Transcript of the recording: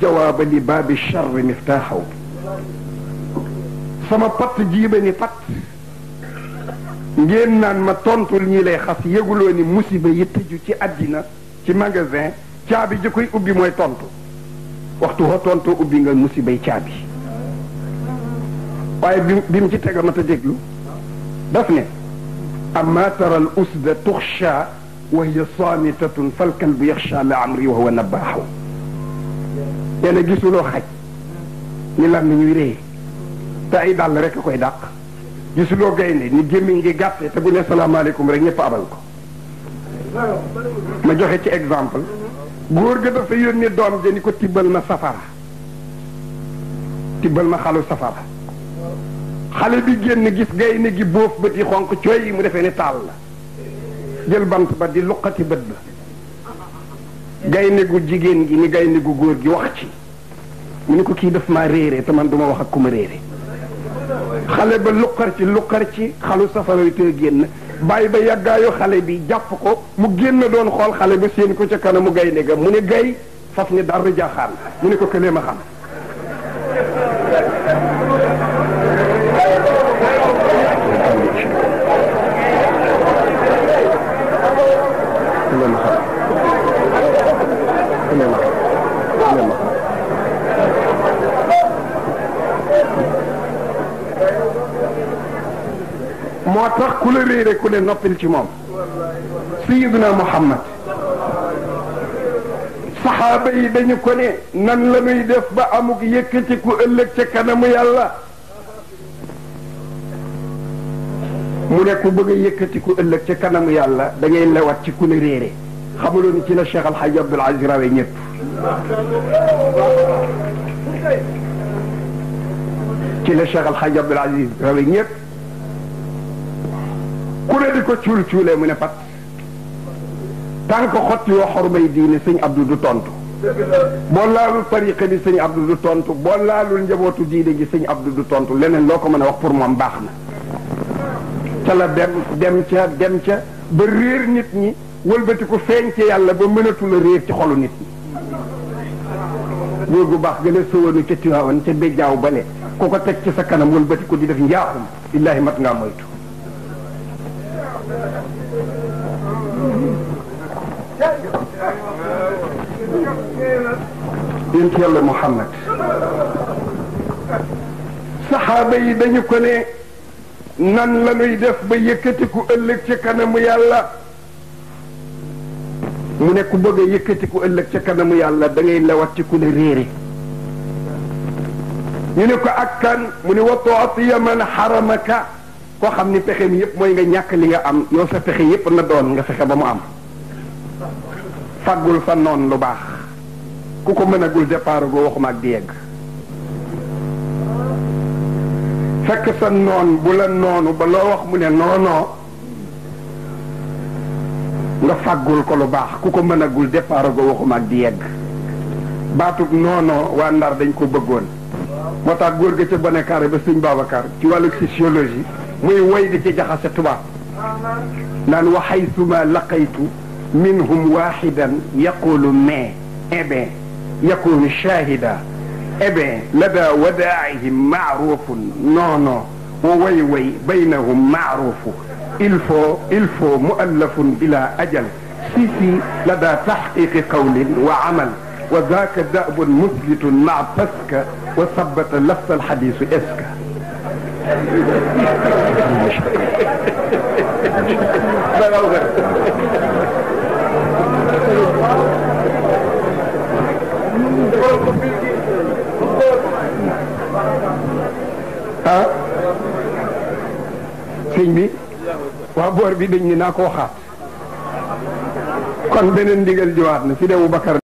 jawaaba li baabi charri miftaaxaw sama patt jiiba ni patt ngeen naan ma tontul ñi lay xas yëguloo ni musiba yi tëju ci addina ci magasin caabi ji koy ubbi mooy tontu waxtu wa tontu ubbi nga musibay caabi waaye bi bi mu ci tega ma ta déglu daf ne amma tara al usda tuxsha wa hiya saamitatun falkalbu yaxsha la amri wa huwa nabaaxu nee na gisuloo xaj ni lam ñuy réy te ay dàll rek a koy dàq gisuloo gaynde ni gémmiñ gi gàtte te bu ne salaamaaleykum rek ñëpp abal ko ma joxe ci exemple góor ga dafa yónni doom ja ni ko tibbal na safara tibbal na xalu safara xale bi génn gis gaynde gi bóof bët yi xonq cooy yi mu defee ne taal la jël bant ba di luqati bët ba gaynde gu jigéen gi ni gaynde gu góor gi wax ci mu ni ko kii daf ma réere te man duma wax ak ku ma réere xale ba luqar ci luqar ci xalu safara wi te génn bàyyi ba yàggaayu xale bi jàpp ko mu génn doon xool xale ba séen ko ca kanamu gaynde ga mu ne gay faf ni dara jaaxaan mu ne ko këlee ma xam moo tax ku la réere ku ne noppil ci moom sayiduna muhammad saxaaba yi dañu ko ne nan la ñuy def ba amuk yëkkati ku ëllëg ca kanamu yàlla mu ne ku bëgg a yëkkati ku ëllëg ca yàlla da ngay lewat ci ku la réere xamuloon ci la Cheikh Al Hadj Abdoul Aziz ci la Cheikh Al Hadj Aziz rawe ñëpp ko cuul cuulee mu ne pat tànk xotti yoo xormay diine sëñ Abdou du tontu boo laalul tariqa sëñ Abdou du tontu boo laalul njabootu diine gi sëñ Abdou du tontu leneen loo ko mën a wax pour moom baax na ca la dem dem ca dem ca ba réer nit ñi wëlbati ko feeñ ci yàlla ba mënatu la réer ci xolu nit ñi góor baax gën a sëwanu ca Tiwaawan ca béjjaaw bale ku ko teg ci sa kanam wëlbati ko di def njaaxum illaahi mat ngaa moytu yént yàlla Muhammad saxaaba yi dañu ko ne nan la ñuy def ba yëkkatiku ëllëg ci kanamu yàlla mu ne ku bëgg a yëkkatiku ëllëg ci kanamu yàlla da ngay lawattiku ne réere ñu ne ko ak mu ne wa tuatiya man xaramaka koo xam ni pexe mi yëpp mooy nga ñàkk li nga am yow sa pexe yëpp na doon nga fexe ba mu am faggul sa noon lu baax ku ko mënagul départ go waxuma ak di yegg fekk sa noon bu la noonu ba loo wax mu ne noonoo nga faggul ko lu baax ku ko mënagul départ go waxuma ak di yegg baatub noonoo waa Ndar dañ ko bëggoon moo tax góor ga ca Bonacare ba sëñ Babacar ci wàllu sociologie muy woy di ci jaxase tubaab naan wa xaytuma laqaytu minhum waxidan yaqulu mais eh bien yakunu shahida eh bien lada wadaa'ihim maarufun non non wa way way baynahum maarufu il faut il faut muallafun bila ajal si si lada taxqiqi qawlin wa amal wa zaaka daabun musbitun maa paska wa sabata lafta alxadiisu eska ah sëñ bi waa boor bi dañ ni naa ko waxaat kon beneen ndigal jiwaat na ci dewu Bakar